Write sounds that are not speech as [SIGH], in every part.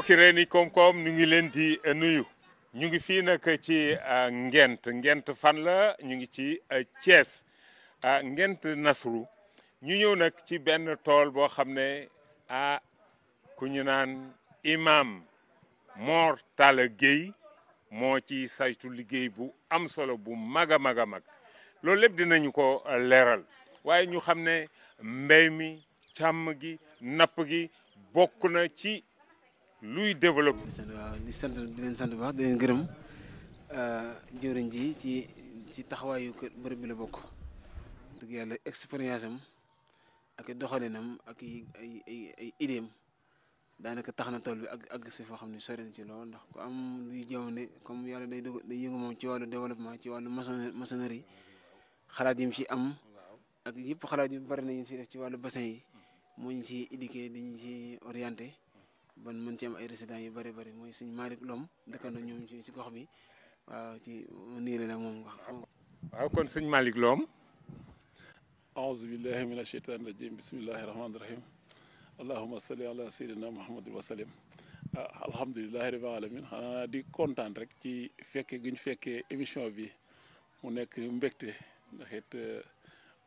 mbokki reen yi koom-koom ñu ngi leen di eh, nuyu ñu ngi fii nag ci eh, ngent ngent fan la ñu ngi ci a eh, Thiès ngent Nasrou ñu ñëw nag ci benn tool boo xam ne a ah, ku ñu naan imaam Mor Talla Gueye moo ci saytu liggéey bu am solo bu mag a mag a mag loolu lépp dinañu ko leeral waaye ñu xam ne mbéy mi càmm gi napp gi bokk na ci luy développé. di sant di leen sant bu baax di leen gërëm euh, jëwriñ ji ci ci taxawaayu kër bërëb bi la bokk. dëgg yàlla expérience am ak doxalinam ak ay ay ay idéem daanaka tax na tool bi ak ak si foo xam ne sorin ci lool ndax ku am luy jamono comme yàlla day dugg day yëngu moom ci wàllu développement ci wàllu maçonnerie xalaat yi ci am ak yëpp xalaat yu bari na ñu ci def ci wàllu bassin yi moo ñu ciy indiqué dañu ci orienté. ban mën ci am ay résident yu bëri bëri mooy sëñ Malick Lom dëkkandoo ñoom ci ci gox bi waaw ci niire la moom wax waaw kon sëñ Malick Lom aouzu billahi min asheytaani rajim bismillahi rahmaani rahim allahuma salli ala sayyidina muhammad wa sallim alhamdulilahi rabbil alamin xanaa di kontaan rek ci fekke guñ fekkee émission bi mu nekk mbégte ndax it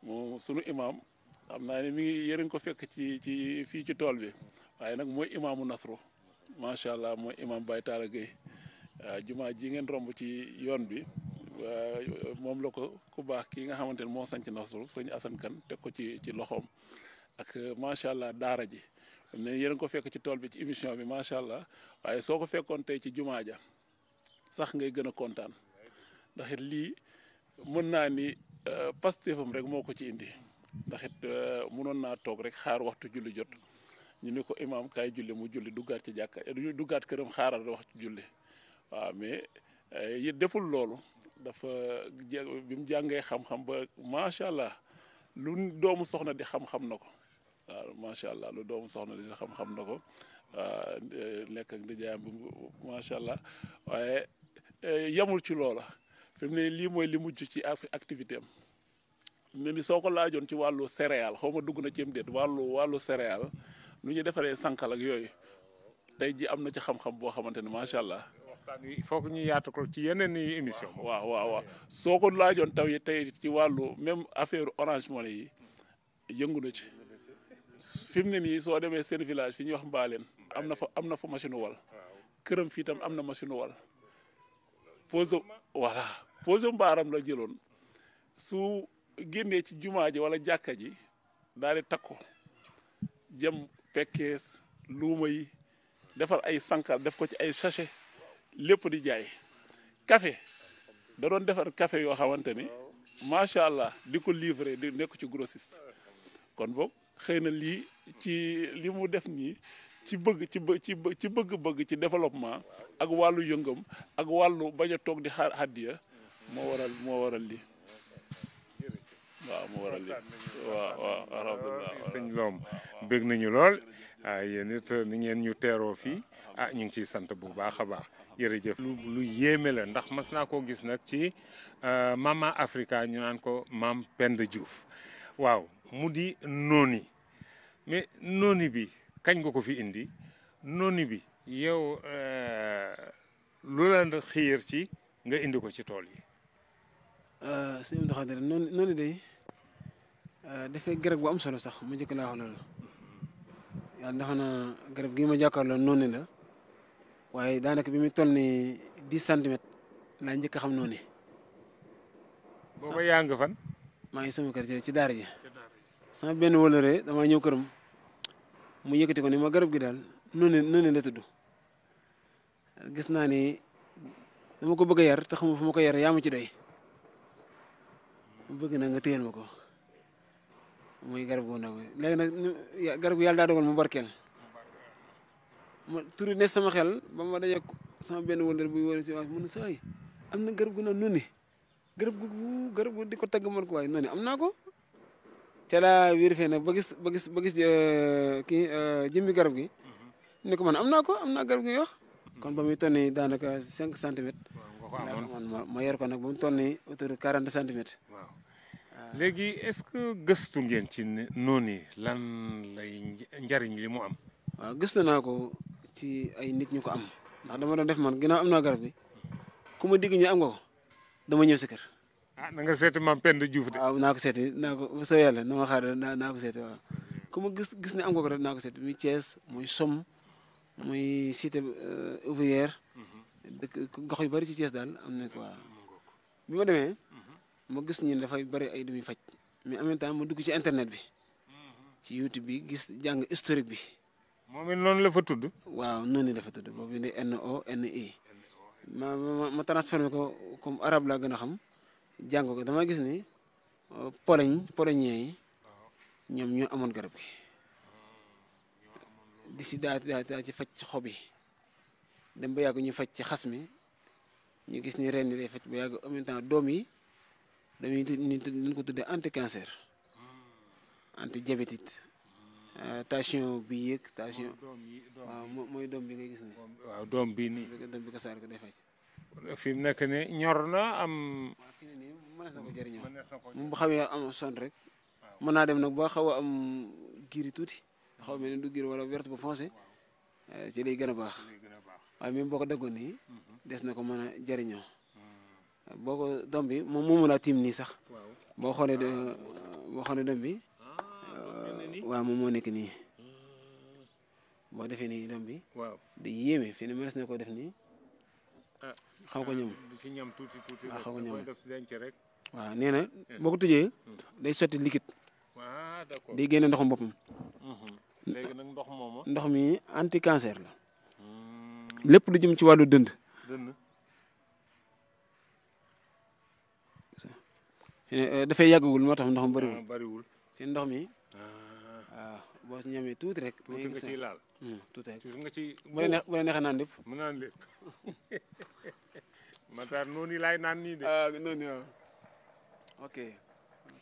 moom sunu imam xam naa ne mi ngi yëriñ ko fekk ci ci fii ci tool bi waaye nag mooy imaamu Nasru macha allah mooy imaam Baye Talla Gueye jumaa ji ngeen romb ci yoon bi moom la ko ku baax kii nga xamante ne moo sanc Nasru sëñ Assane Kane teg ko ci ci loxoom ak macha allah daara ji ne yéen ko fekk ci tool bi ci émission bi macha allah waaye soo ko fekkoon tey ci jumaa ja sax ngay gën a kontaan ndax it lii mën naa ni euh, pastéefam rek moo ko ci indi ndax it euh, mënoon naa toog rek xaar waxtu julli jot. ñu ne ko imaam kaay julli mu julli duggaat ci jàkka duggaat këram xaaral wax ci julli waaw mais eh, yi deful loolu dafa bi mu jàngee xam-xam ba macha allah lu doomu soxna di xam-xam na ko waaw macha allah lu doomu soxna di xam-xam na ko nekk eh, ak macha allah waaye eh, yamul ci loola fi ne lii mooy li mujj ci activité am. ne ni soo ko laajoon ci wàllu céréale xaw ma dugg na ci am déet wàllu wàllu céréale. nu ñuy defaree sànqal ak yooyu tey ji am na ci xam-xam boo xamante ne macha allah. waxtaan wi il ñu yaatu ko ci yeneen i émission waaw waaw waaw soo ko laajoon taw yi tey ci wàllu même affaire Orange Money yi yëngu na ci fi mu ne nii soo demee seen village fi ñuy wax mbaaleen am na fa am na fa machine wal këram fii tam am na machine wal pose voilà pose mbaaram la jëloon su génnee ci jumaa ji wala jàkka ji daal di takku pekkees luuma yi defar ay sankar def ko ci ay sachet lépp di jaay kafe da doon defar kafe yoo xamante ni macha allah di ko livre di nekk ci grossiste kon boog xëy na lii ci li mu def nii ci bëgg ci ci bëgg-bëgg ci développement ak wàllu yëngam ak wàllu bañ a toog di xaar hàddiya moo waral moo waral lii waaw mu waral lii waaw waaw alhamdulilah sëñ nañu lool ah ñu teeroo fii ah ñu ngi ciy sant bu baax a baax jërëjëf. lu lu yéeme la ndax mas naa koo gis nag ci ah, Mama Africa ñu naan ko Maam pend Diouf waaw mu di nooni mais nooni bi kañ nga ko fi indi nooni bi yow eh, lu la xiir ci nga indi ko ci tool yi. Ah, sëñ Euh, dafay garab bu am solo sax mu njëkk laa wax loolu yàlla dafa na garab gii ma jàkkaarloo noonu la waaye daanaka bi mu toll nii dix centimètres laa njëkk a xam noonu. booba yaa nga fan. maa ngi sama kër ci daar ji. sama benn wóolare damaa ñëw këram mu yëkkati ko ni ma garab gi daal noonu noonu la tudd gis naa ni dama ko bëgg a yar te xamuma fu mu ko yar yaa ma ci doy bëgg na nga téyel ma ko. muy garab gu ndaw léegi nag garab yàlla da dogal mu barkeel ma turi ne sama xel ba ma daje sama benn wëndër buy wër si waaye mu ne saa yi garab gu naan noonu garab gu garab gu di ko tagg man ko waaye noonu am ko te laa vérifié nag ba gis ba gis ba gis kii jëmmi garab gi ne ko man am naa ko am garab gi wax kon ba muy tonni daanaka cinq centimètres ma yor ko nag ba mu tonni autour quarante centimètres léegi est-ce que gëstu ngeen ci noonu yi lan lay njariñ li mu am. waaw gëstu naa ko ci ay nit ñu ko am ndax dama doon def man ginaa am naa garab gi ku ma digg ñu am nga ko dama ñëw sa kër. Ah, na nga seeti maam Penda Diouf de. naa ko seeti naa ko soo yàlla na ma xaar naa ko seeti waaw ku gis ne am nga ko rek naa ko seeti muy Thiès muy Somme muy cité euh, ouvrière mhm. dëkk gox yu bari ci Thiès daal am na ko waaw bi ma demee. ma gis ñi dafay bari ay dumuy fajj mais en même temps ma dugg ci internet bi ci youtube bi gis jang historique bi. momi non la fa tudd. waaw non la fa tudd boobu ne N O N E. ma ma ma ko comme arab la gëna xam jang ko dama gis ni euh, Pologne polonien yi ñom ñu amon garab gi di ci daa daa ci fajj ci xobi dem ba yag ñu fajj ci xasmi mi ñu gis ni ren ni day faj ba yag en même temps domi dañuy dañ ko tuddee anti cancer anti diabétique euh, tension bi yéeg tension waaw mooy doom bi ngay gis ne waaw doom bi nii doom bi kasaar ko defee fi mu nekk ne ñor na am fi ne nii mënees na ko jëriñoo moom bu xawee am son rek mën naa dem nag ba xaw a am giiri tuuti xaw mel ne du giir wala verte bu foncé euh, ci lay gën a baax waaye même boo ko daggoon nii mhm. des na ko mën a jëriñoo boo ko doom bi moom moo mën a tiim nii sax boo xoolee ah, euh, boo xoolee doom bi ah, waaw moom moo nekk nii hmm. boo defee nii doom bi. waaw di yéeme fii nii mënees na ko def nii. Ah. xaw ko ñoom di ci ñam tuuti tuuti. waaw xaw ko ñoom def denc rek. waaw nee na eh. boo ko tëjee hmm. day sotti liquide. waaw d'accord day génne ndoxam boppam. Hmm. léegi nag ndox moomu. ndox mi anti cancer la. lépp lu jëm ci wàllu dënd. dënd fi ne eh, dafay yàggagul moo tax ndox mu bari ah, bëriwul fi ndox mi ah. waaw boo si ñamee tuuti rek. tuuti nga ciy laal hmm, tuuti rek tuuti nga ciy. bu la neex bu la neexee naan lépp. mu naan lépp [LAUGHS] Matar noonu laay naan nii de. ah noonu ok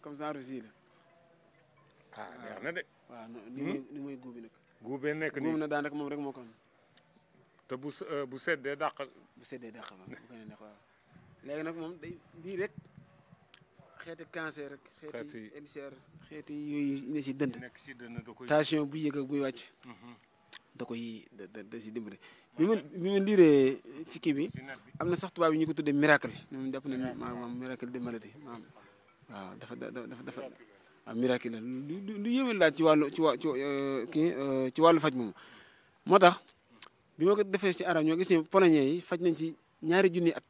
comme ça Russie ah, neex na de. waaw ni muy hmm? ni muy guubi nag. guubee nekk nii guub na daanaka moom rek moo ko am. te bu eh, bu seddee dàq. bu seddee dàq ma moom day xeeti cancer rek. xeeti ulcère xeeti yooyu ne si dënd. nekk si dënd da koy tension buy yëg buy wàcc. Mhm. da koy da da si dimbale. bi ma liiree ci kii bi am na sax tubaab yi ñu ko tuddee miracle ñoom jàpp nañu maanaam miracle de maladie maanaam waaw dafa dafa dafa waaw miracle la lu lu lu yéeme laaj ci wàllu ci wa ci euh, kii euh, ci wàllu faj moomu. moo tax bi ma ko defee ci arab ñoo gis ne polonais yi faj nañ ci ñaari junni at.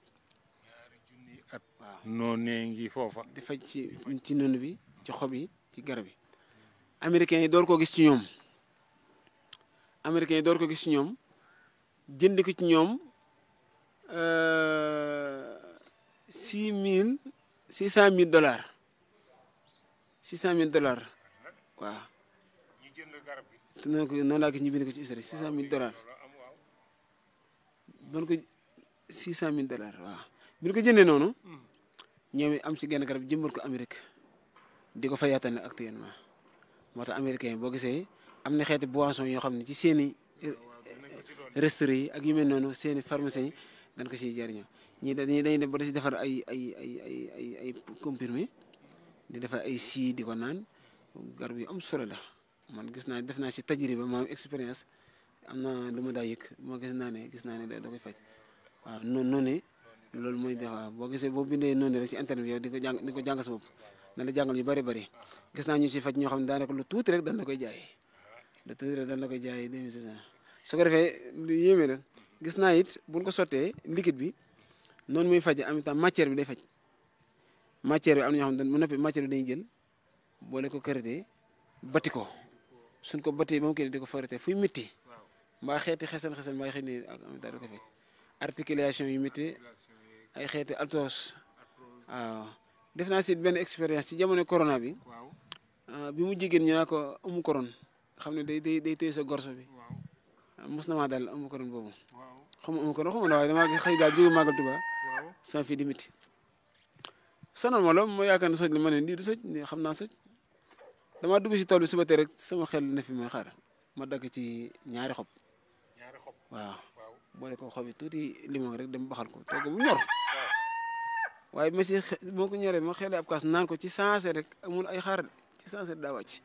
noonee ngi foofa. di faj ci ci bi ci xob yi ci garab yi. américains yi door koo gis ci ñoom américains yi ko gis ci ñoom jënd ko ci ñoom euh, six mille six cent mille dollars six cent mille dollars waaw. jënd garab gi. te noonu ko noonu laa gis ñu bind ko ci Israël six cent mille dollars ban ko six cent mille dollars waaw bi ñu ko jëndee noonu. Hmm. ñoom am ci genn garab jëmbat ko Amérique di ko fa yaatane actuellement moo tax américain boo gisee am na xeeti boisson yoo xam ne ci seeni i eh, yi ak yu mel noonu seen i pharmacie yi dañ ko siy jariñoo ñii dañuy dañuy dem ba da si defar ay ay ay ay ay ay comprimé di defar ay sii di ko naan garab yu am solo la man gis naa def naa si tajriba maam expérience am na lu ma daa yëg moo gis naa ne gis naa ne da koy faj waaw noonu noonu loolu mooy de boo gisee boo bindee noonu rek ci internet bi yow di ko jàng bopp na jàngal yu bëri bari gis naa ñu si faj ñoo xam ne daanaka lu tuuti rek dañ la jaay lu tuuti rek dañ koy jaay deux mille six cent su ko defee lu yéeme la gis naa it buñ ko sottee liquide bi noonu muy faj en même bi day faj matière bi am na ñoo xam ne mu noppi matière bi dañuy jël boole ko karité bati ko suñ ko batee moom kii di ko farate fuy métti mbaa xeeti xesan xesan mbaa xëy na ak am daal ko faj articulation ay xeeti altos def naa si benn expérience ci jamono corona bi ah, bi mu jigéen ñu naa ko amu koron xam ne day day day téye sa gorso bi ah, mus na maa daal amu koron boobu xam amu koron xam nga waaye damaa xëy daal jóge màggal Tuba sama fii di miti sonal ma yaakaar ne soj la ma ne lii du xam naa soj dama dugg si tool bi suba tey rek sama xel na fi may xaar ma dagg ci ñaari xob waaw boole ko xobi yi tuuti limon rek dem baxal ko togg bu ñor waaye ma si moo ko ñoree ma xeele ab kaas naan ko ci sensé rek amul ay xaar ci sensé daa wàcc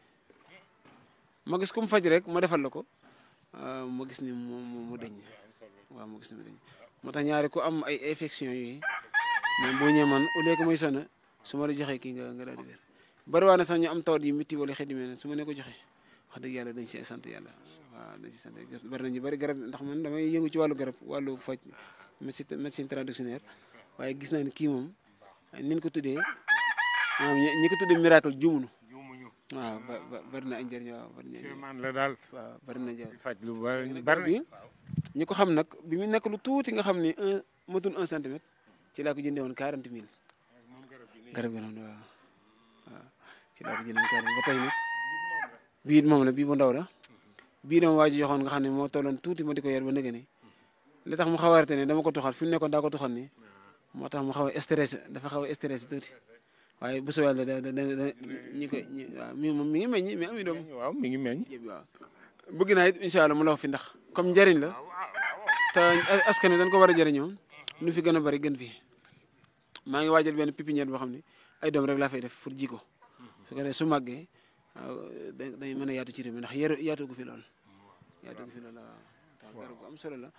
ma gis ku mu faj rek ma defal la ko ah, ma gis ni mu mu mu dëñ waaw ma gis ni mu dëñ moo tax ñaari ku am ay infection yi mais boo ñëwee man au lieu que may sonn su ma la joxee kii nga nga daal di wér bari waa na sax ñu am tawat yi métti wala xet yu mel ne ne ko joxee wax dëgg yàlla dañ si sant yàlla waaw ah, dañ si sant bari nañu bari garab ndax man damay yëngu ci wàllu garab wàllu faj médecine médecine traditionnelle waaye gis naa ne kii moom niñ ko tuddee maanaam ñi ko tuddee miracle jumunu waaw ba bari na ay njëriñ waaw bari na man la daal waaw bari na njëriñ faj lu bari bi ñi ko xam nag bi mu nekk lu tuuti nga xam ni un matul un centimètre ci laa ko jëndee woon quarante mille garab gi noonu waaw waaw ci laa ko jëndee woon quarante ba tey nag bii moom la bii bu ndaw la bii dama waa ji nga xam ne moo tolloon tuuti ma di ko yor ba nëgë ni tax mu xaw a ne dama ko tuxal fi mu nekkoon daa ko tuxal ni moo tax mu xaw a stressé dafa xaw a stressé tuuti waaye la da da da ñi koy waaw mi mi ngi mi am i doom. waaw mi ngi meññ. waaw bëgg naa it incha allah mu law fi ndax comme njëriñ la te askan wi dañ ko war a jëriñoo nu fi gën a bëri gën fi maa ngi waajal benn pépinière boo xam ne ay doom rek laa fay def pour ji ko su ko dañ mën a yaatu ci réew mi ndax yar yaatu gu fi lool yaatu gu fi lool waaw garab gu am solo la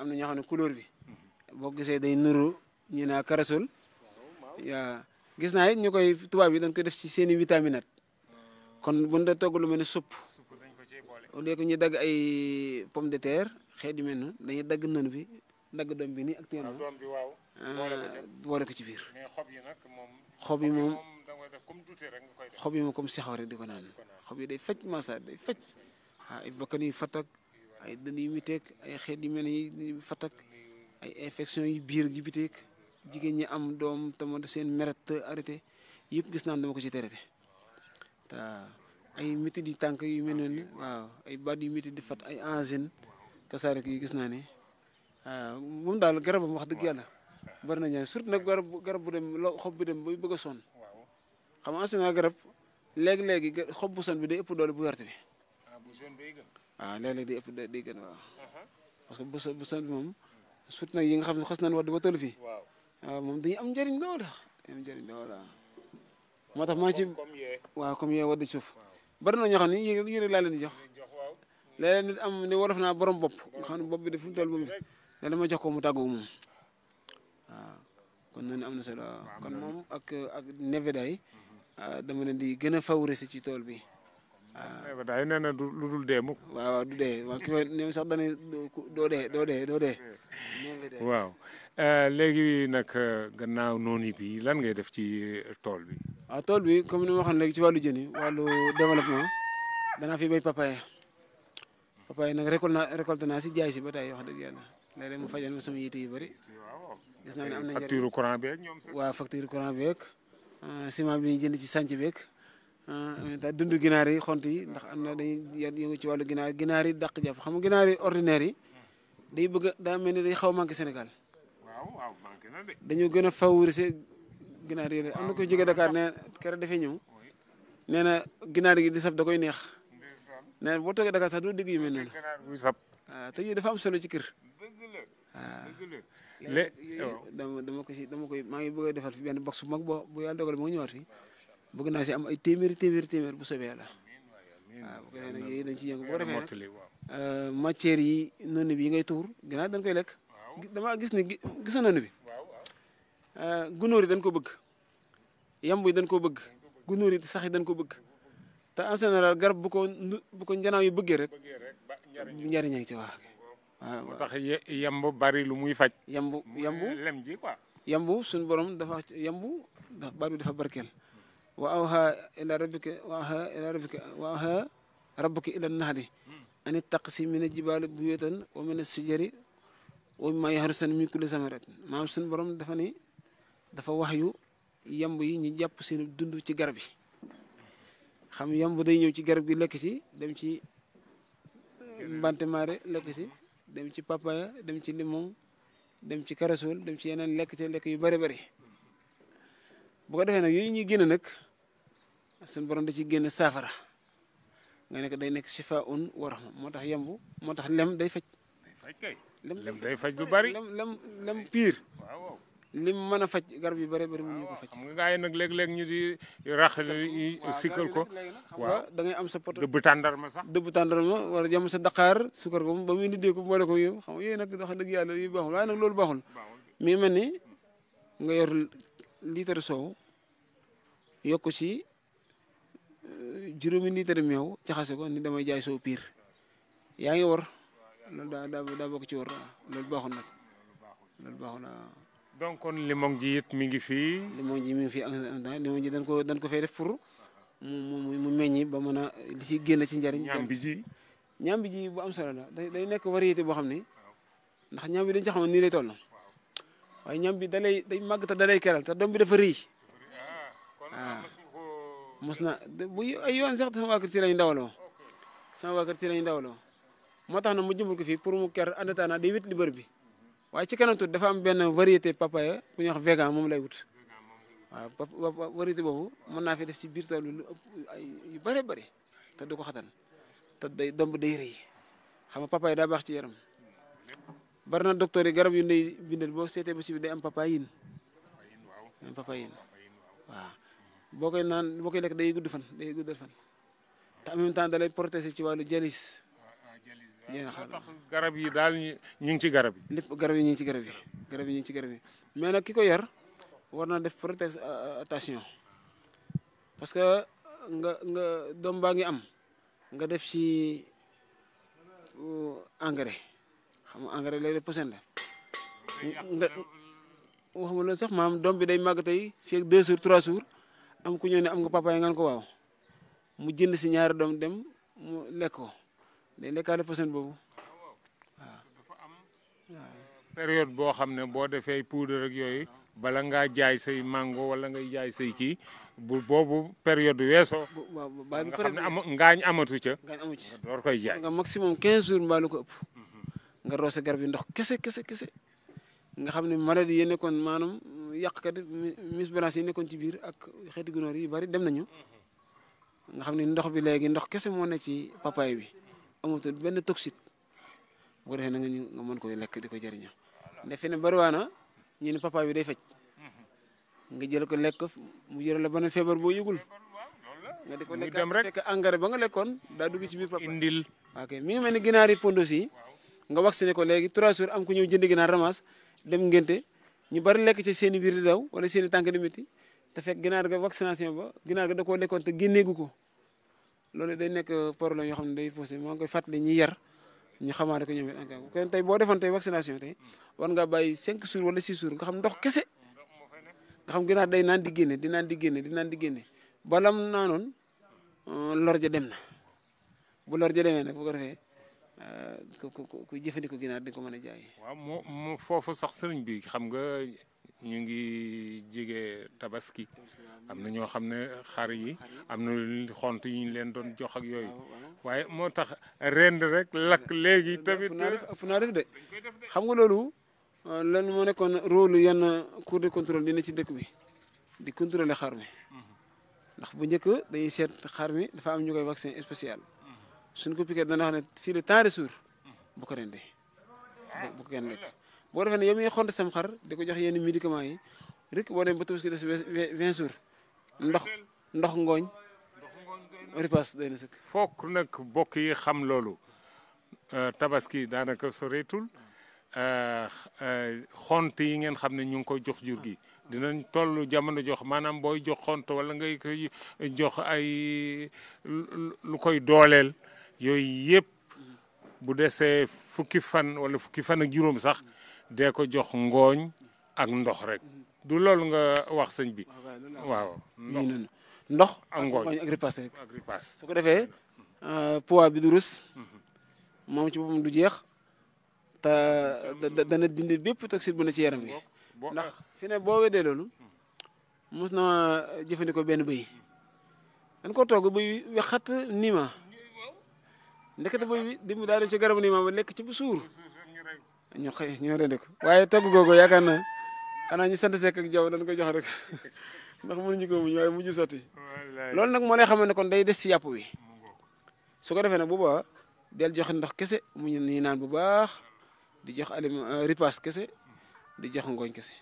am na ñoo xam ne couleur bi mhm. boo gisee day nuru ñi naa ah, karasol waaw gis naa it ñu koy tubaab yi dañ koy def ci seen i vitaminate hmm. kon buñ da togg lu mel ne supp au lieu que ñu dagg ay pomme de terre xeet yi mel dañu dagg nën fi dagg doom bi nii ak téeméer ah, waaw doom ah, ko ci biir. xob yi moom. xob yi moom da nga rek xob yi di ko naan xob yi day faj massa day faj ah, waaw ay bakkan yu fatak ay dënn yu miteeg ay xeet yu mel ni fatak ay infection yu biir yu biteeg jigéen ñi am doom tamit seen meret arrété yëpp gis naan dama ko ci traité te ay métti di tànk yu mel noonu waaw ay baat yu métti di fat ay angine kasaare yi gis naa ne. waaw moom daal garab wax dëgg yàlla bari na ñaan surtout nag garab garab bu dem loo xob bi dem ba bëgg a sonn xam nga naa garab léegi-léegi xob bu son bi day ëpp doole bu wert bi waaw ah, ah, léeg-léeg day ëpp day gën waaw uh-huh. que bu son bu son bi moom surtout nag yi nga xam ne xas nañ wax di ba tëlu fii waaw ah, moom dañuy am njëriñ lool sax am njëriñ lool waaw moo tax maa ngi ci waaw comme yee wadd suuf bari na ñoo xam ne yére laa leen di am ne wolof naa borom bopp nga xam ne bopp bi daf fi mu toll ne dama jox ko mu tàggu moom ah, kon noonu am na solo kon moom ak ak neveda ah, yi dama leen di gën a favoriser ci tool bi waaw neveda yi na du lu dul dee mukk waaw waaw du dee waaw ki ma ñoom sax dañuy doo dee doo dee doo dee waaw léegi nag gannaaw bi lan ngay def ci tool bi waaw ah, tool bi comme ni ma waxoon ci wàllu jën yi wàllu développement fi béy papaye papaye nag récolte na récolte naa si jaay si ba wax léeg-léeg mu fajal ma sama yitte yu bëri. gis naa ne am na facture courant beeg ñoom waaw facture courant beeg euh, ciment bi ñuy jënd ci sànc beeg euh, daa dund ginaar yi xont ndax am na dañuy yëngu ci wàllu ginaar ginaar yi dàq jàpp xam ginaar yi ordinaire yi day bëgg daa mel ni day xaw manqué Sénégal. waaw manqué na dañoo gën a favoriser ginaar yi am na ko jógee Dakar nee keroog dafay ñëw nee na ginaar gi di sab da koy neex nee na boo toogee Dakar sax doo dégg yu mel noonu. waaw te yii dafa am solo ci kër. dama dama ko si dama koy box bu bu yàlla dogal ma ñëwaat fi bëgg naa si am ay téeméeri téeméeri téeméer bu sobee la bu ko defee nag yooyu dañ ci yëngu boo defee nag matière yi bi yi ngay tuur gannaaw dañ koy lekk dama gis ne gis bi en général garab bu ko bu ko njanaaw yi bëggee rek njariñ a ci wax Ah, moo tax yemb bari lu muy faj. yemb yemb lem ji quoi. yemb suñu borom dafa yemb ndax baat bi dafa barkeel. wa awha ila rabbika wa awha ila rabbika wa awha rabbuka ila nahli hmm. ani taqsi min aljibali buyutan wa min asijari wa mimma yahrusan min kulli samarat maanaam borom dafa ni dafa wax yu yi ñu jàpp seen dund ci garab yi xam yemb day ñëw ci garab gi lekk si dem ci mbante maare lekk si. dem ci papaya dem ci limon dem ci karasul dem ci yeneen lekk ci lekk yu bëri bëri bu ko defee nag yooyu ñuy génn nag suñu borom da ci génn saafara nga nekk day nekk shifaa'un wa rahma moo tax yemb moo tax lem day faj. lem day faj bu bari lem lem piir pire. lim mana fajj faj garab yu bari bari mën ñu ko faj. xam nga gaay nak leg leg ñu di rax sikkel ko. wa da ngay am sa poto butandar ma sax. dëbb ma wala jam sa dakar sukar ko ba muy nidde ko boole ko yu xam nga nak nag wax dëgg yàlla yu baxul way nak loolu baxul mi melni nga yor litre yok ko ci euh, juroomi litre meew xasse ko ni dama jaay so pir ya ngi war da da bok daa bokk ci war loolu baaxul nag loolu donc kon limong ji it mi ngi fii limong ji mi ngi fii limong ji dan ko dan ko fay def pour mu mu mu meññi ba mën a li ci génn ci njariñ ñam bi ji ñam bi ji bu am solo la day nekk variété boo xam ne ndax ñam bi dañ ci xam nii lay toll waaye ñam bi dalay day màgg te dalay keral te doom bi dafa rëy waaw ah, ah. bu ay yoon sax sama waa kër ci lañ ndawaloo sama waa kër ci lañ ndawaloo moo tax na mu jëmbal ko fii pour mu ker àndataana day wét li bër bi waaye ci kanam tuuti dafa am benn variété papaya bu ñuy wax vegan moom lay wut waaw variété boobu mën naa fi def ci biir tool ay yu bëri bëri te du ko xatan te day domb day rëy xam nga papaya daa baax ci yaram bari na docteur yi garab yu ndey bindal boo seetee ba si bi day am papayin am papayin waaw boo koy naan boo koy lekk day gudd fan day guddal fan te en même temps da lay protéger ci wàllu jalis yéen a xam garab yi daal ñu ngi ci garab yi. lépp garab yi ñu ngi ci garab yi garab yi ngi ci garab yi mais ki yar war naa def protection euh, euh, parce que nga nga doom am nga def ci euh, engrais xam nga engrais lay def posen nga waxuma sax maam doom bi day màgg tey fii ak deux jours trois jours am ku ñëw ne am nga papa yi ko waaw mu jënd ñaari dem mu lekk day nekkaale poison boobu waaw. waaw période boo xam ne boo defee poudre rek yooyu bala ngaa jaay say mango wala ngay jaay say kii bu boobu période weesoo. waaw ba nga xam ne am ngaañ amatu ca. ngaañ amu ci door koy jaay. nga maximum 15 jours mbaa lu ko ëpp. nga roose garab yi ndox kese kese kese. nga xam ne maladie yi nekkoon maanaam yàqkat misbalance yi nekkoon ci biir ak xeeti gunóor yi bari dem nañu. nga xam ne ndox bi léegi ndox kese moo ne ci papaay bi. amatul benn toxite bu ko defee na nga ñu nga mën koy lekk di ko jëriñoo ne fi ne bariwaana ñu ne papa bi day faj nga jël ko lekk mu jëral la benn feebar boo yëgul nga di ko lekk fekk engrais ba nga lekkoon daa dugg ci biir papa indil ok mi ngi mel yi pondos yi nga vacciné ko léegi trois jours am ku ñëw jënd ginaar ramas dem ngénte ñu bari lekk ci seen i biir di daw wala seen i tànk di métti te fekk ginaar ga vaccination ba ginaar ga da koo lekkoon te génneegu loolu day nekk problème yoo xam ne day posé maa ngi koy fàttali ñi yar ñu xamaale ko a it ANCAR kon tey boo defoon tey vaccination tey war ngaa bàyyi 5 jours wala 6 jours nga xam ndox kese nga xam ginaar day naan di génne di naan di génne di naan di génne balam naanoon euh, lor ja dem na bu lor ja demee nag bu ko defee euh, ku ku ku ginaar di ko mën a jaay. waaw sax sëriñ bi xam nga. ñu ngi jege tabaski am na ñoo xam ne xar yi am na xont yi leen doon jox ak yooyu waaye moo tax rend rek lakk léegi tamit. ëpp naa def de xam nga loolu euh, lan moo nekkoon rôle yenn cour de contrôle dina ci dëkk bi di contrôler xar mi ndax bu njëkk dañuy seet xar mi dafa am ñu koy vaccin spécial suñ ko piqué dana wax ne fii le temps de jour bu ko rendee bu ko kenn lekk. boo defee ne yow mi xont sam xar di ko jox yenn médicaments yi rek boo dem ba tabaski des vingt jours ndox ndox ngooñ ripaas day fook nag bokk yi xam loolu euh, tabaski daanaka soreetul euh, euh, xont yi ngeen xam ne ñu ngi koy jox jur gi dinañ toll jamono jox maanaam booy jox xont wala ngay koy jox ay lu koy dooleel yooyu yëpp bu desee fukki fan wala fukki fan ak juróom sax dee ko jox ngooñ ak ndox rek du loolu nga wax sëñ bi. Ah, waaw ndox ak ngooñ ak ripaas rek su ko defee euh, poids bi du rus moom ci boppam du jeex te dana dindi bépp toxine bu ne ci yaram bi ndax fi ne boo weddee loolu mos na jëfandikoo benn bëy dañ ko togg bëy wexat nima ndekete booy bi dimbi daa dem ci garabu nii maam ba lekk ci bu suur ñu xëy ñu rendi ko waaye togg googu yaakaar na xanaa ñu sant sekk jaw jaww dañ koy jox rek [LAUGHS] ndax mënuñu ko muñ waaye mujj sotti loolu nag moo lay xamal ne kon day des ci yàpp wi su ko defee nag bu baax del joxe ndox kese mu ñu naan bu baax di jox alim euh, kese di jox ngooñ kese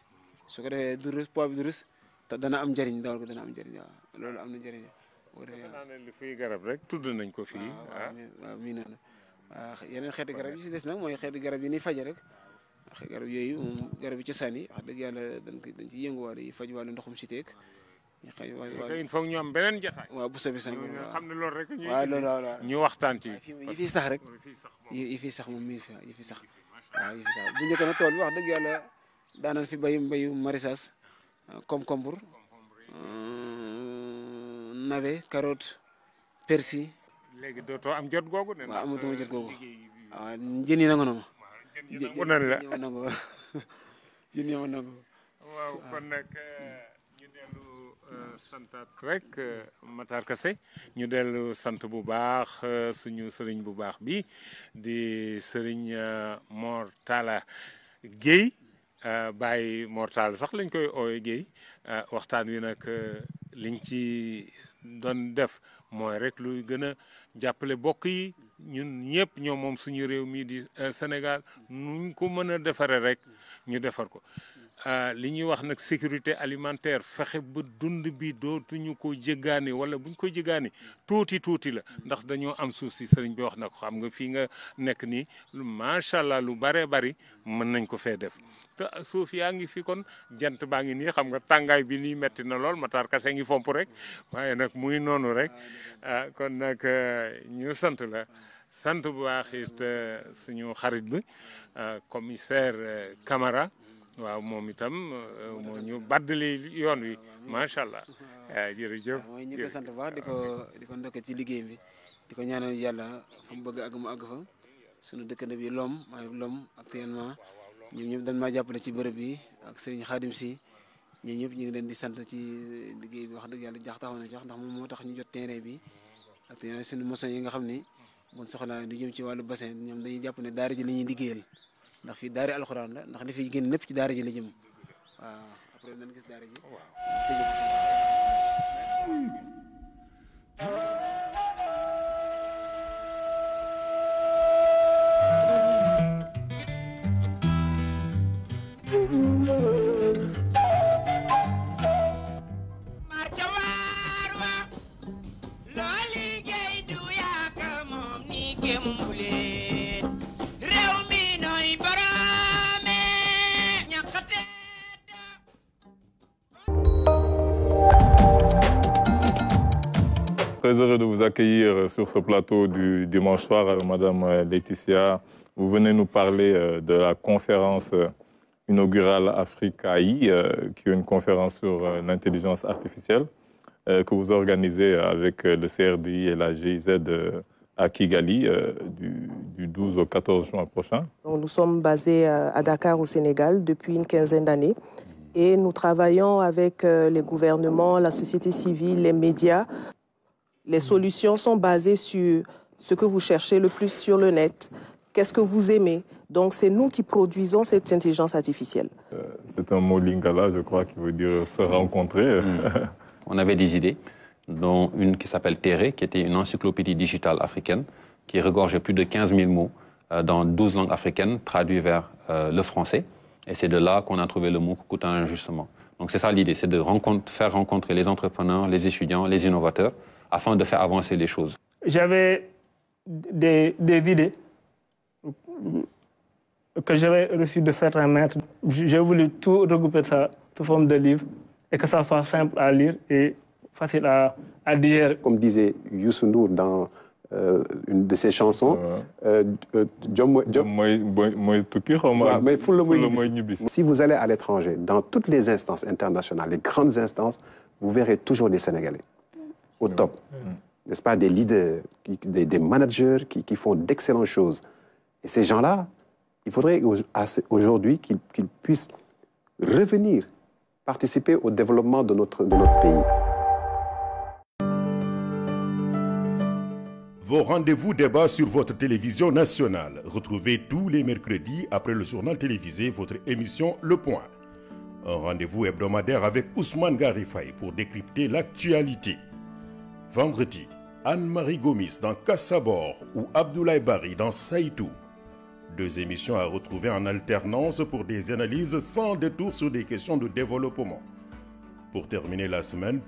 su ko defee du rus bi du te dana am njëriñ daal ko dana am njëriñ waaw loolu am na njëriñ naa ne garab rek tudd nañ ko fi ah waaw mii na ah, yeneen xeeti garab yi si des nag mooy xeeti garab yi ni faj rek garab yooyu moom garab yi cosaan yi dëgg yàlla dañ ko dañ ci yënguwaale yi faj wàllu ndoxum si teeg. xëy na il faut ñu am beneen jotaay. waaw bu soobee sax waaw xam ne rek. waaw loolu waaw ñu waxtaan ci. yi fi sax rek yi fi sax moom mi fi yi fi sax yi fi sax bu njëkk na tool wax dëgg yàlla daanaan fi béyu mbéyu maraîchage ah, comme kombur navet carotte persil. léegi dootoo am jot googu. nee naa waaw amatuma jot googu waaw ah, jën yi nangu na ma. jën yi nangu la jën yi nangu [LAUGHS] waaw kon nag euh, ñu dellu euh, santaat rek euh, Matar Kassé ñu dellu sant bu baax suñu sëriñ bu baax bi di sëriñ Mor Talla Guèye Baye Mor Talla sax lañ koy ooye Guèye waxtaan wi nag liñ ci. doon def mooy rek lu gën a jàppale bokk yi ñun ñëpp ñoo moom suñu réew mii di euh, Sénégal nuñ ko mën a defaree rek ñu defar ko Euh, li ñuy wax nag sécurité alimentaire fexe ba dund bi dootuñu ko jéggaane wala buñ ko jéggaane tuuti tuuti la ndax dañoo am suuf si sëriñ bi wax na ko xam nga fii nga nekk nii macha allah lu bare bari mën nañ ko fee def te suuf yaa ngi fi kon jant baa ngi nii xam nga tàngaay bi nii metti na lool Matar Kase ngi fomp rek waaye nag muy noonu rek euh, kon nag euh, ñu sant la. sant bu baax it suñu xarit bi commissaire kamara waaw moom itam euh, moo ñu li yoon wi ah, macha allah eh, jërëjëf. mooy ah, ñu ko sant bu baax di ko di ko ndokkee ci liggéey bi di ko ñaanal yàlla fa mu bëgg àgg mu àgg fa sunu dëkkandoo bi Lom maanaam Lom actuellement ñoom ñu dañ maa jàppale ci bërëb bi ak sëriñ Xaadim si ñoom ñëpp ñu ngi leen di sant ci liggéey bi wax dëgg yàlla jaax taxaw na ci wax ndax moom moo tax ñu jot terrain bi ak sunu mosoon yi nga xam ni buñ soxlaa di jëm ci wàllu bassin ñoom dañuy jàpp ne daara ji la ñuy liggéeyal. ndax fi daari alxuraan la ndax li fi génn lépp ci daara ji la jëm après nañ gis daara ji. Très heureux de vous accueillir euh, sur ce plateau du dimanche soir, euh, Madame euh, Laetitia. Vous venez nous parler de la conférence inaugurale Afrique AI, qui est une conférence sur l'intelligence artificielle que vous organisez avec le CRDI et la GIZ à Kigali du, du, 12 au 14 juin prochain. nous sommes basés à Dakar au Sénégal depuis une quinzaine d'années et nous travaillons avec les gouvernements, la société civile, les médias les mm. solutions sont basées sur ce que vous cherchez le plus sur le net, qu'est-ce que vous aimez. Donc c'est nous qui produisons cette intelligence artificielle. Euh, c'est un mot lingala, je crois, qui veut dire se rencontrer. Mm. [LAUGHS] On avait des idées, dont une qui s'appelle Terre, qui était une encyclopédie digitale africaine, qui regorgeait plus de 15 000 mots euh, dans 12 langues africaines, traduits vers euh, le français. Et c'est de là qu'on a trouvé le mot un justement. Donc c'est ça l'idée, c'est de faire rencontrer les entrepreneurs, les étudiants, les innovateurs, afin de faire avancer les choses J'avais des, des, que j'avais reçues de certains maîtres. J'ai voulu tout regrouper ça sous forme de livres, et que ça soit simple à lire et facile à, à digérer. Comme disait Youssou dans euh, une de ses chansons, si vous allez à l'étranger, dans toutes les instances internationales, les grandes instances, vous verrez toujours des Sénégalais au top. Mm. N'est-ce pas Des leaders, des, managers qui, font d'excellentes choses. Et ces gens-là, il faudrait aujourd'hui qu'ils puissent revenir participer au développement de notre, de notre pays. Vos rendez-vous débat sur votre télévision nationale. Retrouvez tous les mercredis après le journal télévisé votre émission Le Point. Un rendez-vous hebdomadaire avec Ousmane Garifay pour décrypter l'actualité. Vendredi, Anne-Marie Gomis dans Kassabor ou Abdoulaye Barry dans Saïtou. Deux émissions à retrouver en alternance pour des analyses sans détour sur des questions de développement. Pour terminer la semaine,